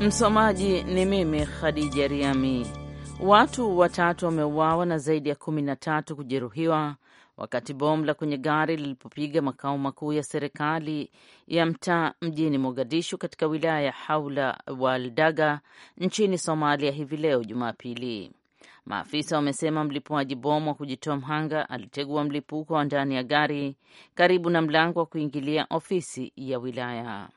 Msomaji ni mimi Khadija Riami. Watu watatu wameuawa na zaidi ya kumi na tatu kujeruhiwa wakati bomu la kwenye gari lilipopiga makao makuu ya serikali ya mtaa mjini Mogadishu katika wilaya ya Haula Waldaga nchini Somalia hivi leo Jumapili. Maafisa wamesema mlipuaji bomu wa kujitoa mhanga alitegua mlipuko wa ndani ya gari karibu na mlango wa kuingilia ofisi ya wilaya.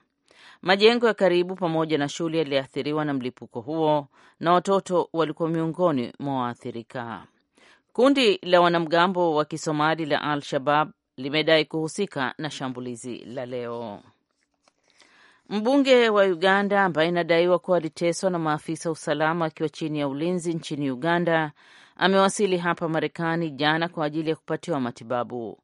Majengo ya karibu pamoja na shule yaliathiriwa na mlipuko huo na watoto walikuwa miongoni mwa waathirika. Kundi la wanamgambo wa Kisomali la Al-Shabab limedai kuhusika na shambulizi la leo. Mbunge wa Uganda ambaye inadaiwa kuwa aliteswa na maafisa usalama akiwa chini ya ulinzi nchini Uganda amewasili hapa Marekani jana kwa ajili ya kupatiwa matibabu.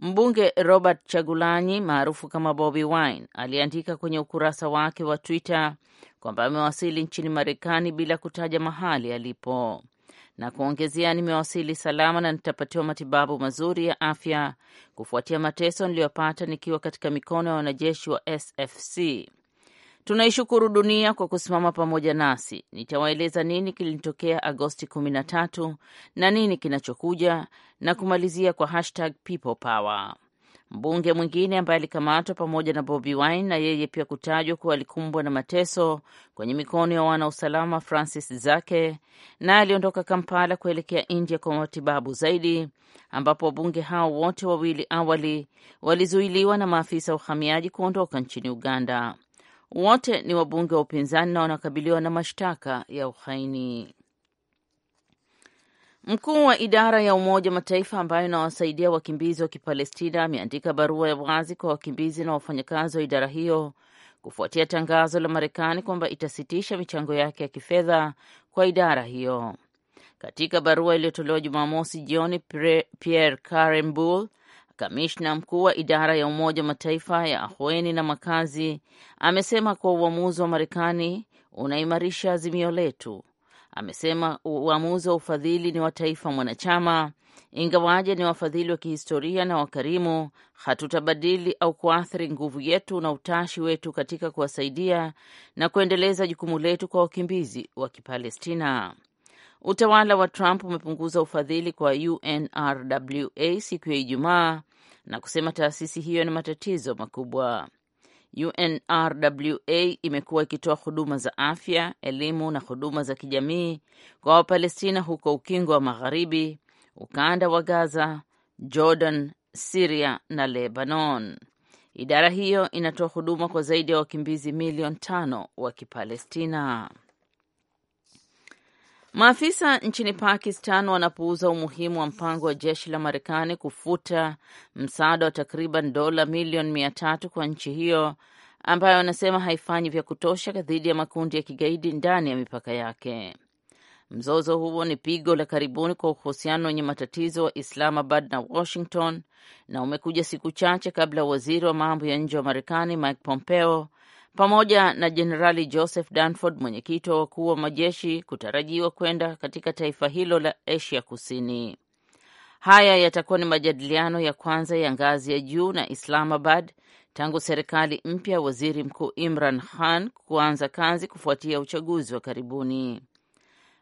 Mbunge Robert Chagulanyi maarufu kama Bobi Wine aliandika kwenye ukurasa wake wa Twitter kwamba amewasili nchini Marekani bila kutaja mahali alipo na kuongezea, nimewasili salama na nitapatiwa matibabu mazuri ya afya kufuatia mateso niliyopata nikiwa katika mikono ya wanajeshi wa SFC. Tunaishukuru dunia kwa kusimama pamoja nasi. Nitawaeleza nini kilinitokea Agosti 13 na nini kinachokuja na kumalizia kwa hashtag people power. Mbunge mwingine ambaye alikamatwa pamoja na Bobi Wine na yeye pia kutajwa kuwa alikumbwa na mateso kwenye mikono ya wanausalama, Francis Zake naye aliondoka Kampala kuelekea India kwa matibabu zaidi, ambapo wabunge hao wote wawili awali walizuiliwa na maafisa wa uhamiaji kuondoka nchini Uganda. Wote ni wabunge wa upinzani na wanakabiliwa na mashtaka ya uhaini. Mkuu wa idara ya Umoja Mataifa ambayo inawasaidia wakimbizi wa Kipalestina ameandika barua ya wazi kwa wakimbizi na wafanyakazi wa idara hiyo kufuatia tangazo la Marekani kwamba itasitisha michango yake ya kifedha kwa idara hiyo. Katika barua iliyotolewa Jumamosi jioni, Pierre Karemboul Kamishna mkuu wa idara ya Umoja wa Mataifa ya ahueni na makazi amesema kuwa uamuzi wa Marekani unaimarisha azimio letu. Amesema uamuzi wa ufadhili ni wa taifa mwanachama, ingawaje ni wafadhili wa kihistoria na wakarimu, hatutabadili au kuathiri nguvu yetu na utashi wetu katika kuwasaidia na kuendeleza jukumu letu kwa wakimbizi wa Kipalestina. Utawala wa Trump umepunguza ufadhili kwa UNRWA siku ya Ijumaa na kusema taasisi hiyo ni matatizo makubwa. UNRWA imekuwa ikitoa huduma za afya, elimu na huduma za kijamii kwa Wapalestina huko Ukingo wa Magharibi, ukanda wa Gaza, Jordan, Siria na Lebanon. Idara hiyo inatoa huduma kwa zaidi ya wakimbizi milioni tano wa Kipalestina. Maafisa nchini Pakistan wanapuuza umuhimu wa mpango wa jeshi la Marekani kufuta msaada wa takriban dola milioni mia tatu kwa nchi hiyo ambayo wanasema haifanyi vya kutosha dhidi ya makundi ya kigaidi ndani ya mipaka yake. Mzozo huo ni pigo la karibuni kwa uhusiano wenye matatizo wa Islamabad na Washington na umekuja siku chache kabla waziri wa mambo ya nje wa Marekani Mike Pompeo pamoja na Jenerali Joseph danford mwenyekiti wa wakuu wa majeshi, kutarajiwa kwenda katika taifa hilo la Asia Kusini. Haya yatakuwa ni majadiliano ya kwanza ya ngazi ya juu na Islamabad tangu serikali mpya waziri mkuu Imran Khan kuanza kazi kufuatia uchaguzi wa karibuni.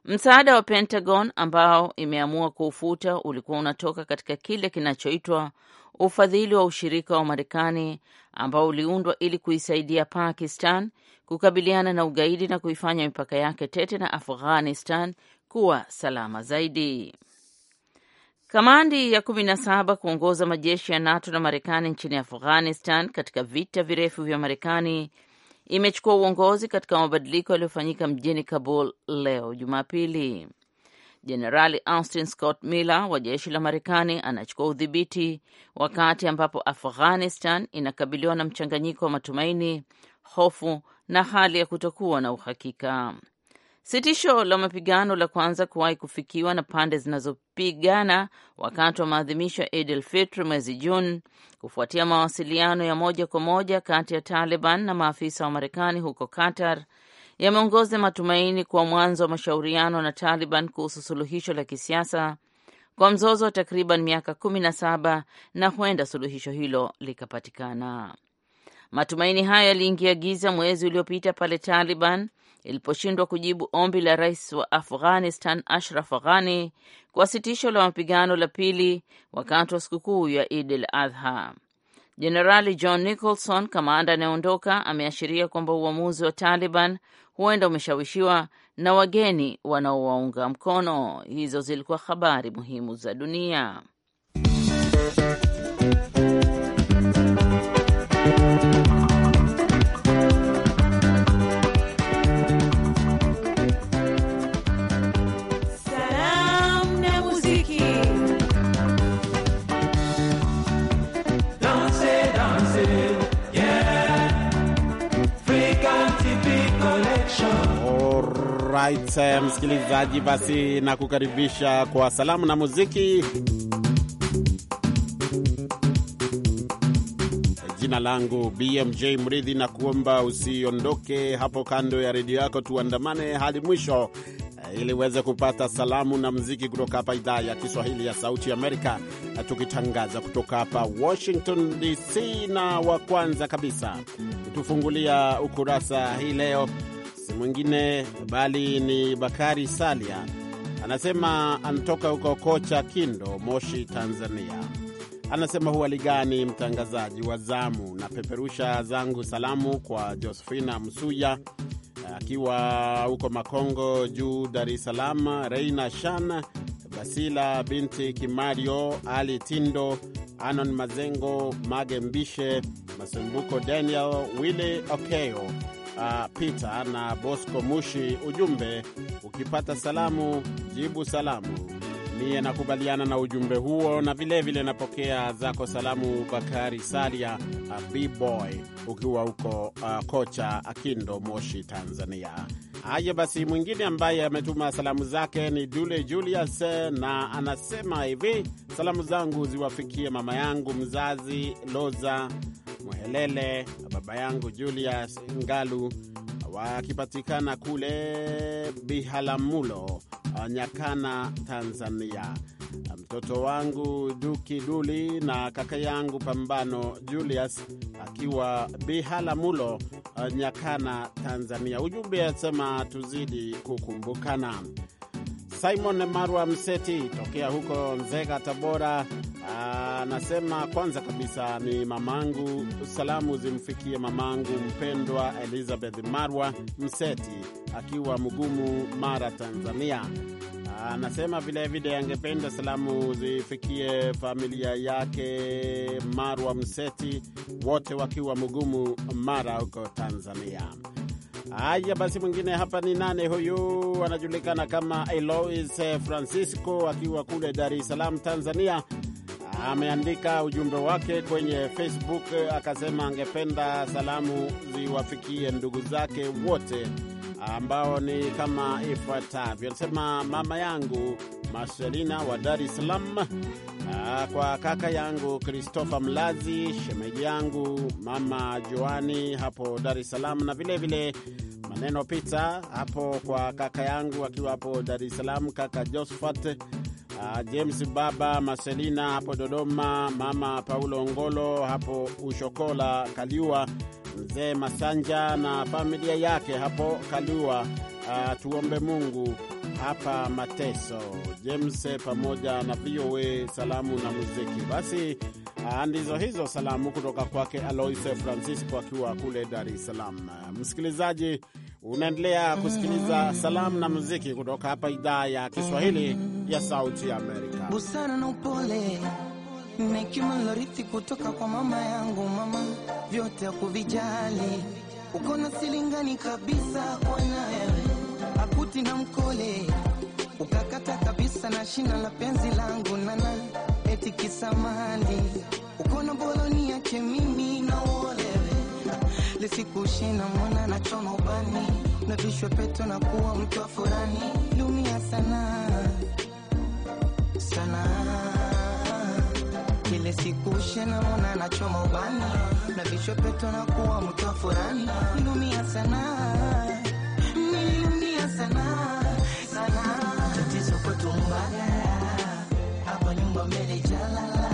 Msaada wa Pentagon ambao imeamua kuufuta ulikuwa unatoka katika kile kinachoitwa ufadhili wa ushirika wa Marekani ambao uliundwa ili kuisaidia Pakistan kukabiliana na ugaidi na kuifanya mipaka yake tete na Afghanistan kuwa salama zaidi. Kamandi ya kumi na saba kuongoza majeshi ya NATO na Marekani nchini Afghanistan katika vita virefu vya Marekani imechukua uongozi katika mabadiliko yaliyofanyika mjini Kabul leo Jumapili. Jenerali Austin Scott Miller wa jeshi la Marekani anachukua udhibiti wakati ambapo Afghanistan inakabiliwa na mchanganyiko wa matumaini, hofu na hali ya kutokuwa na uhakika. Sitisho la mapigano la kwanza kuwahi kufikiwa na pande zinazopigana wakati wa maadhimisho ya Eid al-Fitr mwezi Juni, kufuatia mawasiliano ya moja kwa moja kati ya Taliban na maafisa wa Marekani huko Qatar yameongoza matumaini kwa mwanzo wa mashauriano na Taliban kuhusu suluhisho la kisiasa kwa mzozo wa takriban miaka kumi na saba na huenda suluhisho hilo likapatikana. Matumaini hayo yaliingia giza mwezi uliopita pale Taliban iliposhindwa kujibu ombi la rais wa Afghanistan Ashraf Ghani kwa sitisho la mapigano la pili wakati wa sikukuu ya Id el Adha. Jenerali John Nicholson, kamanda anayeondoka, ameashiria kwamba uamuzi wa Taliban huenda umeshawishiwa na wageni wanaowaunga mkono. Hizo zilikuwa habari muhimu za dunia. right, eh, msikilizaji, basi nakukaribisha kwa salamu na muziki. Jina langu BMJ Mridhi, na kuomba usiondoke hapo kando ya redio yako, tuandamane hadi mwisho eh, ili uweze kupata salamu na muziki kutoka hapa idhaa ya Kiswahili ya Sauti Amerika, eh, tukitangaza kutoka hapa Washington DC. Na wa kwanza kabisa kutufungulia ukurasa hii leo si mwingine bali ni Bakari Salia, anasema anatoka huko Kocha Kindo, Moshi, Tanzania. Anasema huwa hali mtangazaji wa zamu? Na peperusha zangu salamu kwa Josefina Msuya akiwa huko Makongo Juu, Dar es Salaam, Reina Shan Basila binti Kimario, Ali Tindo, Anon Mazengo, Mage Mbishe, Masumbuko, Daniel Wile Okeo uh, Peter na Bosco Mushi. Ujumbe ukipata salamu jibu salamu. Miye nakubaliana na ujumbe huo, na vilevile napokea zako salamu. Bakari Salia Bboy ukiwa huko uh, Kocha Akindo, Moshi, Tanzania. Haya basi, mwingine ambaye ametuma salamu zake ni Dule Julius na anasema hivi: salamu zangu ziwafikie mama yangu mzazi Loza Mwahelele na baba yangu Julius Ngalu wakipatikana kule bihalamulo Nyakana, Tanzania. Mtoto wangu Duki Duli na kaka yangu Pambano Julius akiwa bihalamulo Nyakana, Tanzania. Ujumbe asema tuzidi kukumbukana. Simon Marwa Mseti tokea huko Nzega, Tabora. Aa, anasema kwanza kabisa ni mamangu, salamu zimfikie mamangu mpendwa Elizabeth Marwa Mseti akiwa Mgumu, Mara, Tanzania. Anasema vilevile angependa salamu zifikie familia yake Marwa Mseti, wote wakiwa Mgumu, Mara huko Tanzania. Haya basi, mwingine hapa ni nane. Huyu anajulikana kama Elois Francisco akiwa kule Dar es Salaam, Tanzania ameandika ujumbe wake kwenye Facebook akasema angependa salamu ziwafikie ndugu zake wote ambao ni kama ifuatavyo. Anasema mama yangu Marcelina wa Dar es Salaam, ah, kwa kaka yangu Christopher Mlazi, shemeji yangu mama Joani hapo Dar es Salaam, na vilevile maneno pita hapo kwa kaka yangu akiwa hapo Dar es Salaam, kaka Josephat uh, James Baba Marcelina hapo Dodoma, Mama Paulo Ngolo hapo Ushokola kaliwa Mzee Masanja na familia yake hapo kaliwa Uh, ah, tuombe Mungu hapa Mateso. James pamoja na VOA salamu na muziki. Basi ah, ndizo hizo salamu kutoka kwake Aloise Francisco akiwa kule Dar es Salaam. Msikilizaji Unaendelea mhm. kusikiliza salamu na muziki kutoka hapa idhaa ya Kiswahili ya Sauti ya Amerika. Busara na upole na kutoka kwa mama yangu, mama vyote ya kuvijali, uko na silingani kabisa nawewe akuti na mkole, ukakata kabisa na shina la penzi langu nana eti kisamani, uko na boloni yake mimi na uolewe lisikushina mwana na choma ubani navishwa peto na kuwa mtu wa furani. Lumia sana sana, kile siku ushe naona nachoma ubani, navishwa peto na kuwa mtu wa furani. Lumia sana, nililumia sana sana, tatizo kwetu Mbagala hapa nyumba mbele jalala,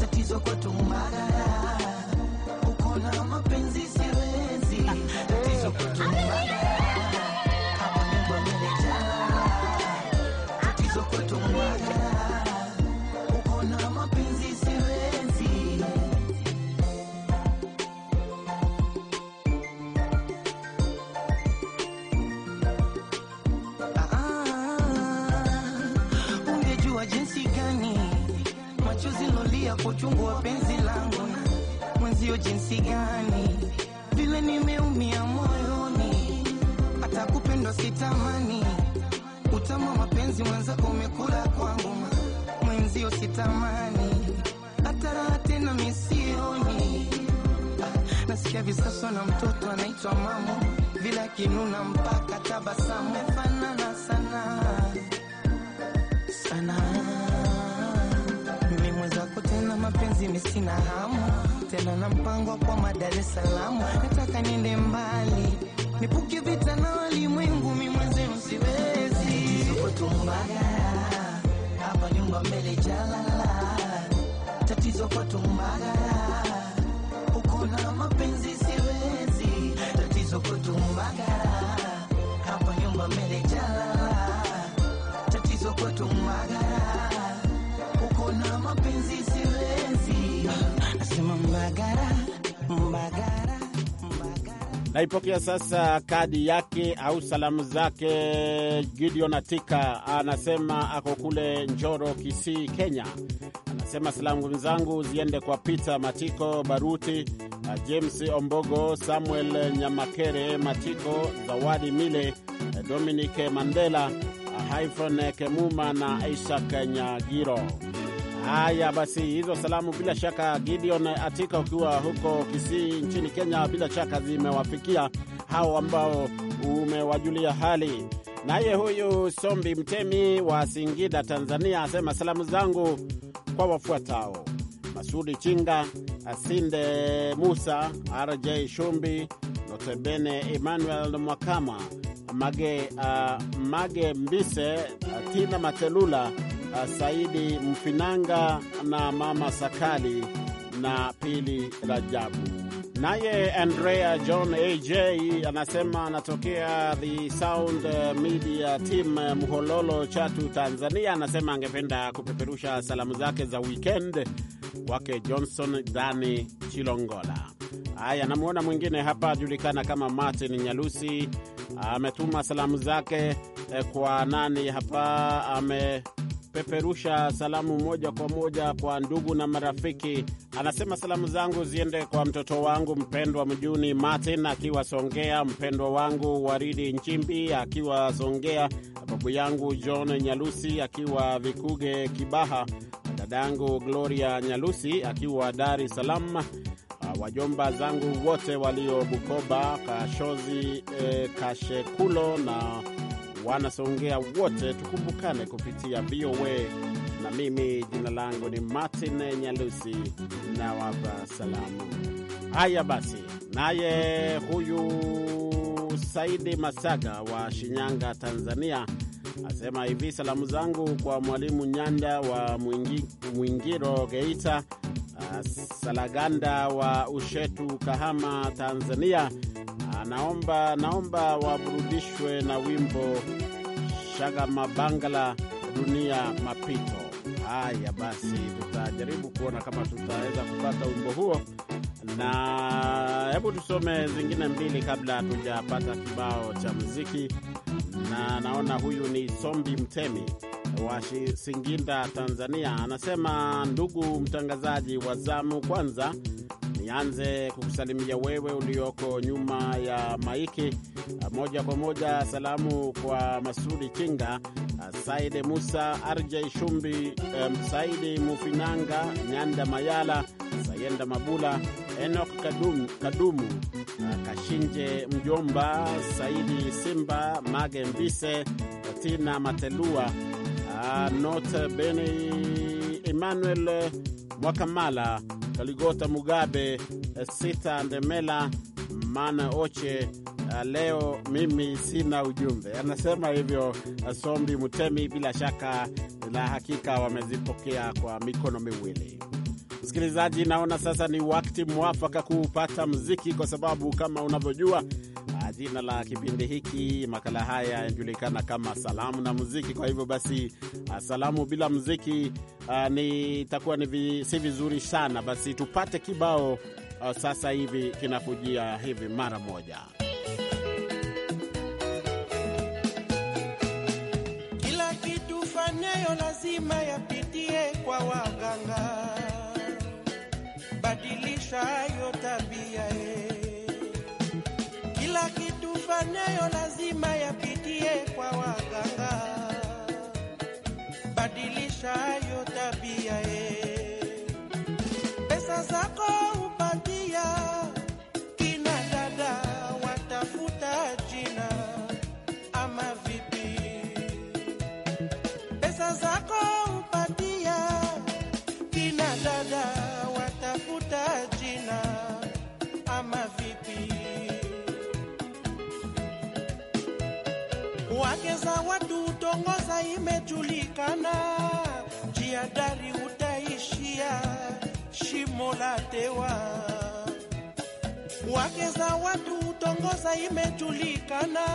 tatizo kwetu Mbagala uchungu wa penzi langu mwenzio, jinsi gani vile nimeumia moyoni, hata kupendwa sitamani. wa mapenzi mwenzako umekula kwangu, mwenzio sitamani hata raha tena misioni. Nasikia visaswa na mtoto anaitwa mamo, vile akinuna mpaka tabasamu, mefanana sana sana kazi mimi sina hamu tena, na mpango kwa madar es Salaam, nataka niende mbali, nipuke vita na walimwengu, mi mwenze msiwezi tumbagara hapa nyumba mbele jalala, tatizo kwa tumbagara uko na mapenzi siwezi, tatizo kwa tumbagara hapa nyumba mbele jalala, tatizo kwa tumbagara Naipokea sasa kadi yake au salamu zake. Gideon Atika anasema ako kule Njoro, Kisii, Kenya. Anasema salamu zangu ziende kwa Peter Matiko, Baruti uh, James Ombogo, Samuel Nyamakere, Matiko Zawadi, Mile uh, Dominic Mandela, Haifon uh, Kemuma na Isak Nyagiro. Haya basi, hizo salamu bila shaka, Gideon Atika, ukiwa huko Kisii nchini Kenya, bila shaka zimewafikia hao ambao umewajulia hali. Naye huyu Sombi Mtemi wa Singida, Tanzania, asema salamu zangu kwa wafuatao: Masudi Chinga, Asinde Musa, RJ Shumbi, Notebene Emmanuel Mwakama, Mage, uh, Mage Mbise, Tina Matelula Uh, Saidi Mfinanga na Mama Sakali na Pili Rajabu. Naye Andrea John AJ anasema anatokea The Sound Media Team, Mhololo, Chatu, Tanzania. Anasema angependa kupeperusha salamu zake za weekend wake Johnson Dani Chilongola. Haya, namwona mwingine hapa julikana kama Martin Nyalusi, ametuma salamu zake eh, kwa nani hapa ame kupeperusha salamu moja kwa moja kwa ndugu na marafiki. Anasema salamu zangu ziende kwa mtoto wangu mpendwa Mjuni Martin akiwa Songea, mpendwa wangu Waridi Nchimbi akiwa Songea, babu yangu John Nyalusi akiwa Vikuge Kibaha, dadangu Gloria Nyalusi akiwa Dar es Salaam, ah, wajomba zangu wote walio Bukoba, Kashozi eh, Kashekulo na wanasongea wote, tukumbukane kupitia VOA na mimi jina langu ni Martin Nyalusi na wapa salamu haya. Basi naye huyu Saidi Masaga wa Shinyanga, Tanzania asema hivi: salamu zangu kwa mwalimu Nyanda wa Mwingi, Mwingiro Geita, uh, Salaganda wa Ushetu, Kahama, Tanzania, naomba naomba waburudishwe na wimbo Shagamabangala dunia mapito. Haya basi, tutajaribu kuona kama tutaweza kupata wimbo huo, na hebu tusome zingine mbili kabla hatujapata kibao cha muziki. Na naona huyu ni Sombi Mtemi wa Singinda, Tanzania, anasema: ndugu mtangazaji wa zamu, kwanza Nianze kukusalimia wewe ulioko nyuma ya maiki, moja kwa moja salamu kwa Masudi Kinga, Saide Musa, RJ Shumbi, Saidi Mufinanga, Nyanda Mayala, Sayenda Mabula, Enok Kadumu, Kadumu Kashinje Mjomba, Saidi Simba, Mage Mbise, tina Matelua, Not Beni Emmanuel Wakamala Kaligota Mugabe, Sita Ndemela Mana Oche. Ah, leo mimi sina ujumbe, anasema hivyo ah, Sombi Mutemi. Bila shaka na hakika wamezipokea kwa mikono miwili. Msikilizaji, naona sasa ni wakati mwafaka kuupata mziki, kwa sababu kama unavyojua Jina la kipindi hiki, makala haya yanajulikana kama salamu na muziki. Kwa hivyo basi, ah, salamu bila muziki uh, ni ni si vizuri sana. Basi tupate kibao uh, sasa hivi kinakujia hivi mara moja. Kila kitu fanyayo lazima yapitie kwa waganga, badilisha yo tabia ye yafanyayo lazima yapitie kwa waganga. Badilisha hayo tabia e pesa zako umejulikana, jiadari utaishia shimo la tewa. Wake za watu utongoza, imejulikana,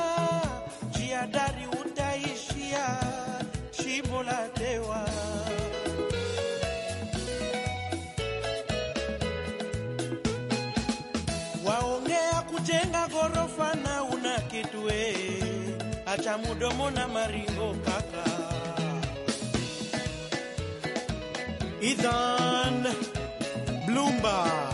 jiadari utaishia shimo la tewa. Waongea kujenga ghorofa na una kitwe, acha mudomo na maringo kaka Idan Bloomberg.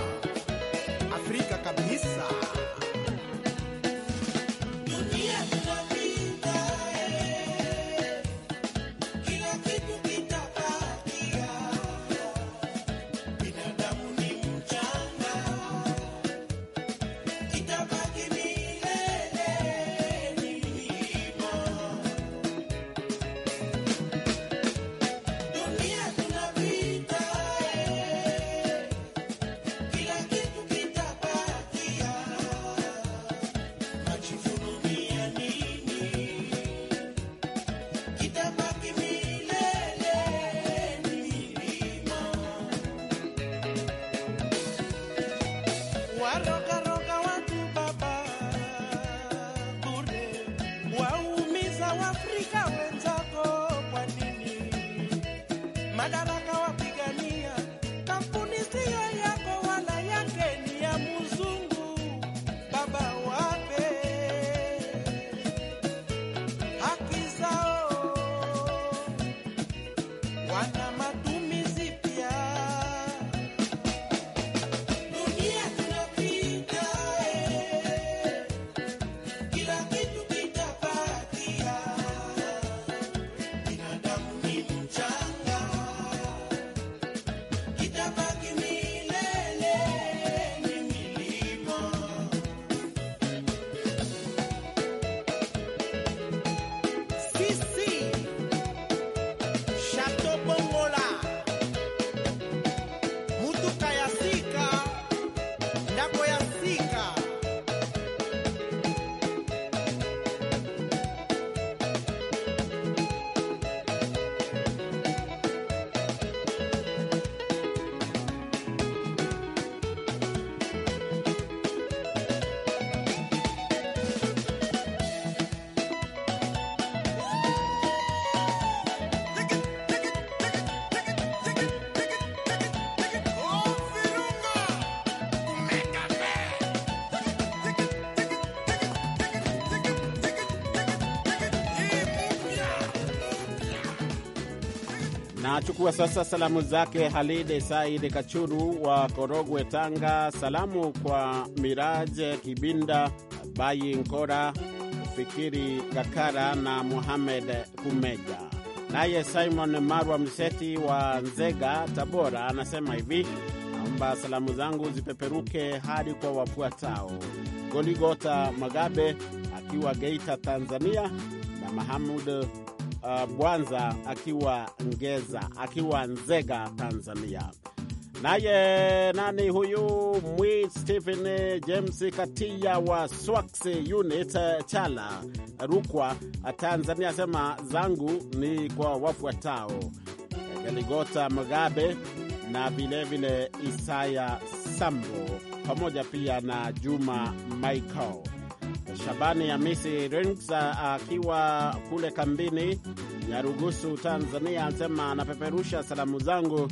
Nachukua sasa salamu zake Halide Said Kachuru wa Korogwe, Tanga. Salamu kwa Miraje Kibinda, Bayi Nkora, Fikiri Gakara na Muhamed Kumeja. Naye Simon Marwa Mseti wa Nzega, Tabora, anasema hivi naomba salamu zangu zipeperuke hadi kwa wafuatao: Goligota Magabe akiwa Geita, Tanzania, na Mahamud uh, Bwanza akiwa Ngeza, akiwa Nzega, Tanzania. Naye nani huyu mwi Stephen James Katia wa Swax Unit Chala, Rukwa, Tanzania, asema zangu ni kwa wafuatao Galigota mgabe na vilevile Isaya Sambo pamoja pia na Juma Michael. Shabani Hamisi Rensa ah, akiwa kule kambini Nyarugusu, Tanzania, anasema anapeperusha salamu zangu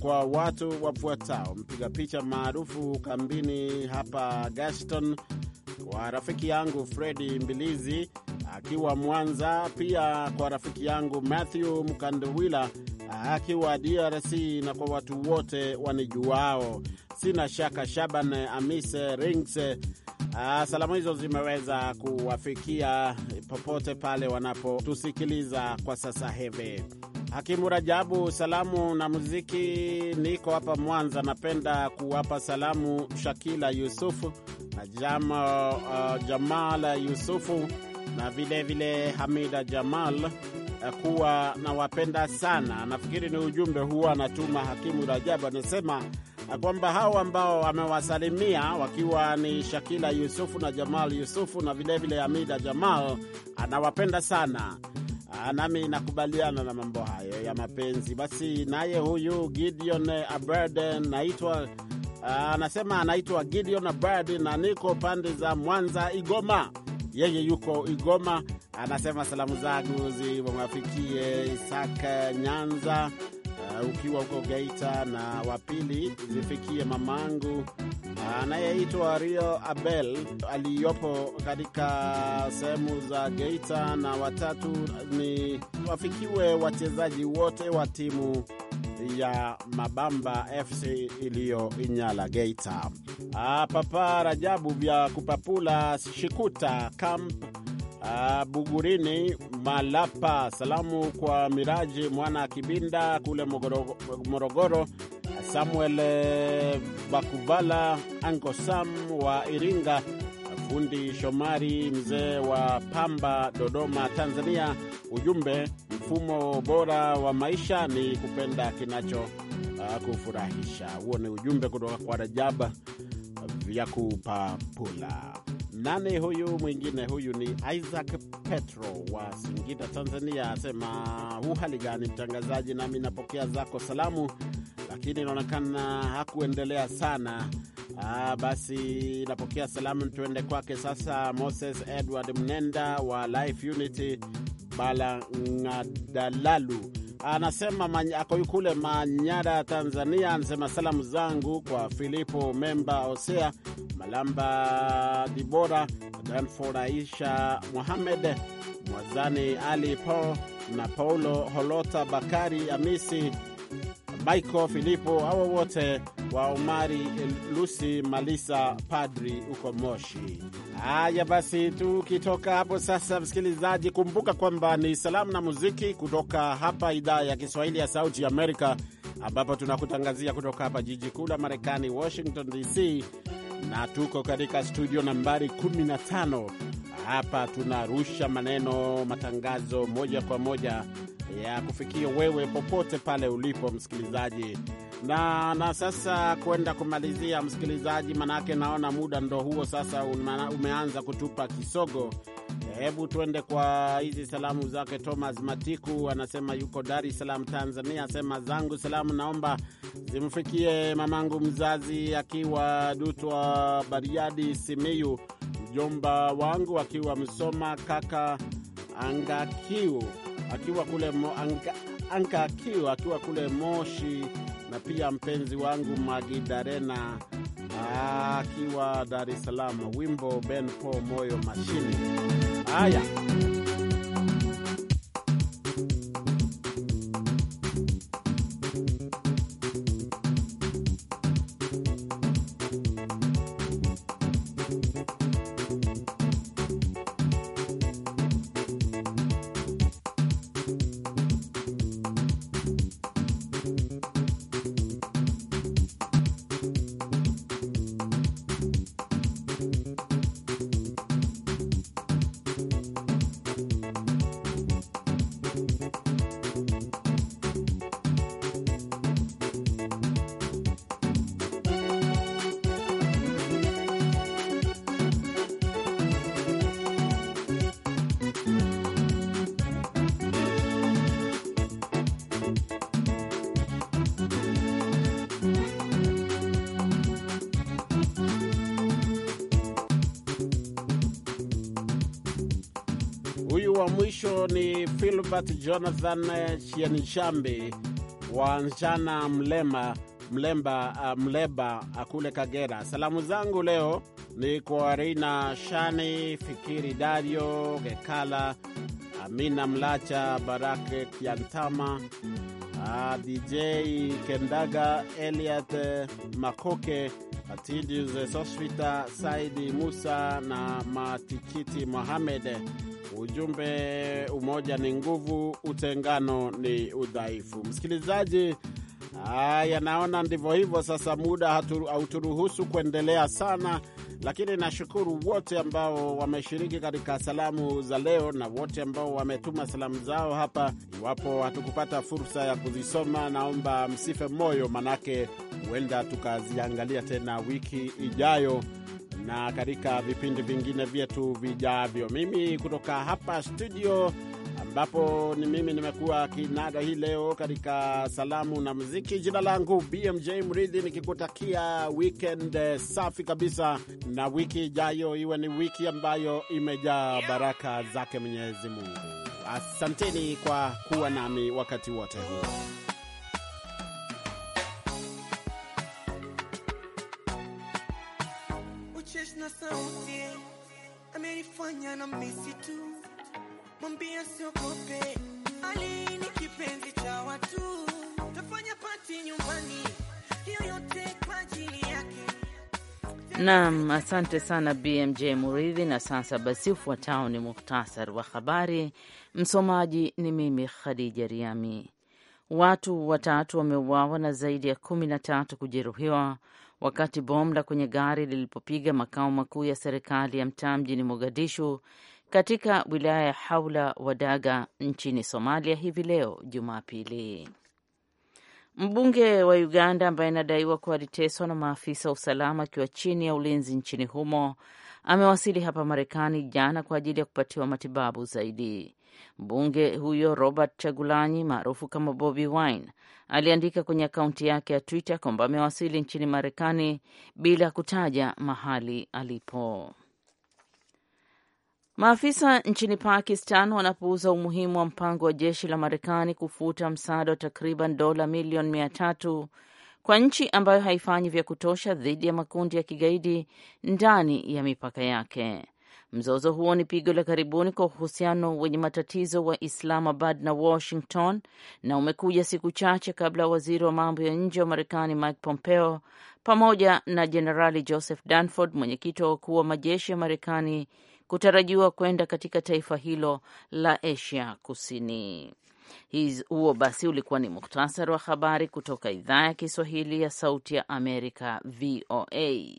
kwa watu wafuatao: mpiga picha maarufu kambini hapa Gaston, kwa rafiki yangu Fredi Mbilizi akiwa Mwanza, pia kwa rafiki yangu Matthew Mkanduwila ah, akiwa DRC na kwa watu wote wanijuao. Sina shaka Shaban Amise Rings Uh, salamu hizo zimeweza kuwafikia popote pale wanapotusikiliza kwa sasa hivi. Hakimu Rajabu, salamu na muziki. Niko hapa Mwanza, napenda kuwapa salamu Shakila Yusufu na Jama, uh, Jamal Yusufu na vilevile vile Hamida Jamal uh, kuwa nawapenda sana. Nafikiri ni ujumbe huwa anatuma Hakimu Rajabu, anasema kwamba hao ambao amewasalimia wakiwa ni Shakila Yusufu na Jamal Yusufu na vilevile Amida Jamal, anawapenda sana. Ah, nami nakubaliana na mambo hayo ya mapenzi. Basi naye huyu Gideon Aberde naitwa ah, anasema anaitwa Gideon Aberde na niko pande za Mwanza, Igoma. Yeye yuko Igoma, anasema salamu zangu zimwafikie Isaka Nyanza uh, ukiwa huko Geita, na wapili zifikie mamangu uh, anayeitwa Rio Abel aliyopo katika sehemu za Geita, na watatu ni wafikiwe wachezaji wote wa timu ya Mabamba FC iliyo Inyala Geita. Uh, Papa Rajabu vya kupapula Shikuta Camp uh, Bugurini Malapa. Salamu kwa Miraji Mwana Kibinda kule Morogoro, Samuel eh, Bakubala, Anko Sam wa Iringa, Fundi Shomari mzee wa Pamba, Dodoma, Tanzania. Ujumbe, mfumo bora wa maisha ni kupenda kinacho uh, kufurahisha. Huo ni ujumbe kutoka kwa Rajaba vya kupapula nani Huyu mwingine huyu ni Isaac Petro wa Singida, Tanzania, asema hu hali gani mtangazaji, nami napokea zako salamu, lakini inaonekana hakuendelea sana. Aa, ah, basi napokea salamu, tuende kwake sasa. Moses Edward Mnenda wa Life Unity Balang'adalalu anasema ako kule Manyara, Tanzania. Anasema salamu zangu kwa Filipo Memba, Osea Malamba, Dibora Danforaisha, Mohamed Mwazani, Ali Paul na Paulo Holota, Bakari Amisi, Michael Filipo, hawa wote wa Umari Lusi Malisa Padri huko Moshi. Haya basi, tukitoka hapo sasa, msikilizaji, kumbuka kwamba ni salamu na muziki kutoka hapa idhaa ya Kiswahili ya Sauti ya Amerika, ambapo tunakutangazia kutoka hapa jiji kuu la Marekani, Washington DC, na tuko katika studio nambari 15 hapa tunarusha maneno, matangazo moja kwa moja ya kufikia wewe popote pale ulipo msikilizaji na na sasa kwenda kumalizia, msikilizaji, manake naona muda ndo huo sasa umeanza kutupa kisogo. Hebu tuende kwa hizi salamu zake Thomas Matiku, anasema yuko Dar es Salaam, Tanzania. Asema zangu salamu naomba zimfikie mamangu mzazi akiwa Dutwa Bariadi, Simiyu, mjomba wangu akiwa Msoma, kaka Angakiu akiwa kule Mo, anga, Anka akiwa kule Moshi na pia mpenzi wangu Magidarena akiwa Dar es Salaam, wimbo Ben Paul moyo mashini. Haya. wa mwisho ni Philbert Jonathan Chienshambi wa Njana Mlema Mlemba uh, Mleba uh, kule Kagera. Salamu zangu leo ni kwa Rina Shani, Fikiri Dario, Gekala, Amina Mlacha, Barake Kiantama, uh, DJ Kendaga, Eliat Makoke, Atidius Sosvita, Saidi Musa na Matikiti Mohamed Ujumbe umoja ni nguvu, utengano ni udhaifu. Msikilizaji, haya naona ndivyo hivyo. Sasa muda hauturuhusu kuendelea sana, lakini nashukuru wote ambao wameshiriki katika salamu za leo na wote ambao wametuma salamu zao hapa. Iwapo hatukupata fursa ya kuzisoma, naomba msife moyo, manake huenda tukaziangalia tena wiki ijayo na katika vipindi vingine vyetu vijavyo. Mimi kutoka hapa studio ambapo ni mimi nimekuwa kinaga hii leo katika salamu na muziki. Jina langu BMJ Mridhi, nikikutakia weekend safi kabisa, na wiki ijayo iwe ni wiki ambayo imejaa baraka zake Mwenyezi Mungu. Asanteni kwa kuwa nami wakati wote huo Cheshi na sauti amenifanya na misi tu, mwambia siogope, Ali ni kipenzi cha watu, tafanya pati nyumbani, hiyo yote kwa ajili yake. Naam, asante sana BMJ Muridhi. Na sasa basi, ufuatao ni muhtasari wa habari. Msomaji ni mimi Khadija Riami. Watu watatu wameuawa na zaidi ya kumi na tatu kujeruhiwa wakati bomu la kwenye gari lilipopiga makao makuu ya serikali ya mtaa mjini Mogadishu katika wilaya ya Haula Wadaga nchini Somalia hivi leo Jumapili. Mbunge wa Uganda ambaye anadaiwa kuwa aliteswa na maafisa wa usalama akiwa chini ya ulinzi nchini humo amewasili hapa Marekani jana kwa ajili ya kupatiwa matibabu zaidi. Mbunge huyo Robert Chagulanyi maarufu kama Bobi Wine aliandika kwenye akaunti yake ya Twitter kwamba amewasili nchini Marekani bila kutaja mahali alipo. Maafisa nchini Pakistan wanapuuza umuhimu wa mpango wa jeshi la Marekani kufuta msaada wa takriban dola milioni mia tatu kwa nchi ambayo haifanyi vya kutosha dhidi ya makundi ya kigaidi ndani ya mipaka yake. Mzozo huo ni pigo la karibuni kwa uhusiano wenye matatizo wa Islamabad na Washington na umekuja siku chache kabla ya waziri wa mambo ya nje wa Marekani Mike Pompeo pamoja na Jenerali Joseph Dunford, mwenyekiti wa wakuu wa majeshi ya Marekani, kutarajiwa kwenda katika taifa hilo la Asia Kusini. Huo basi ulikuwa ni muhtasari wa habari kutoka idhaa ya Kiswahili ya Sauti ya Amerika, VOA.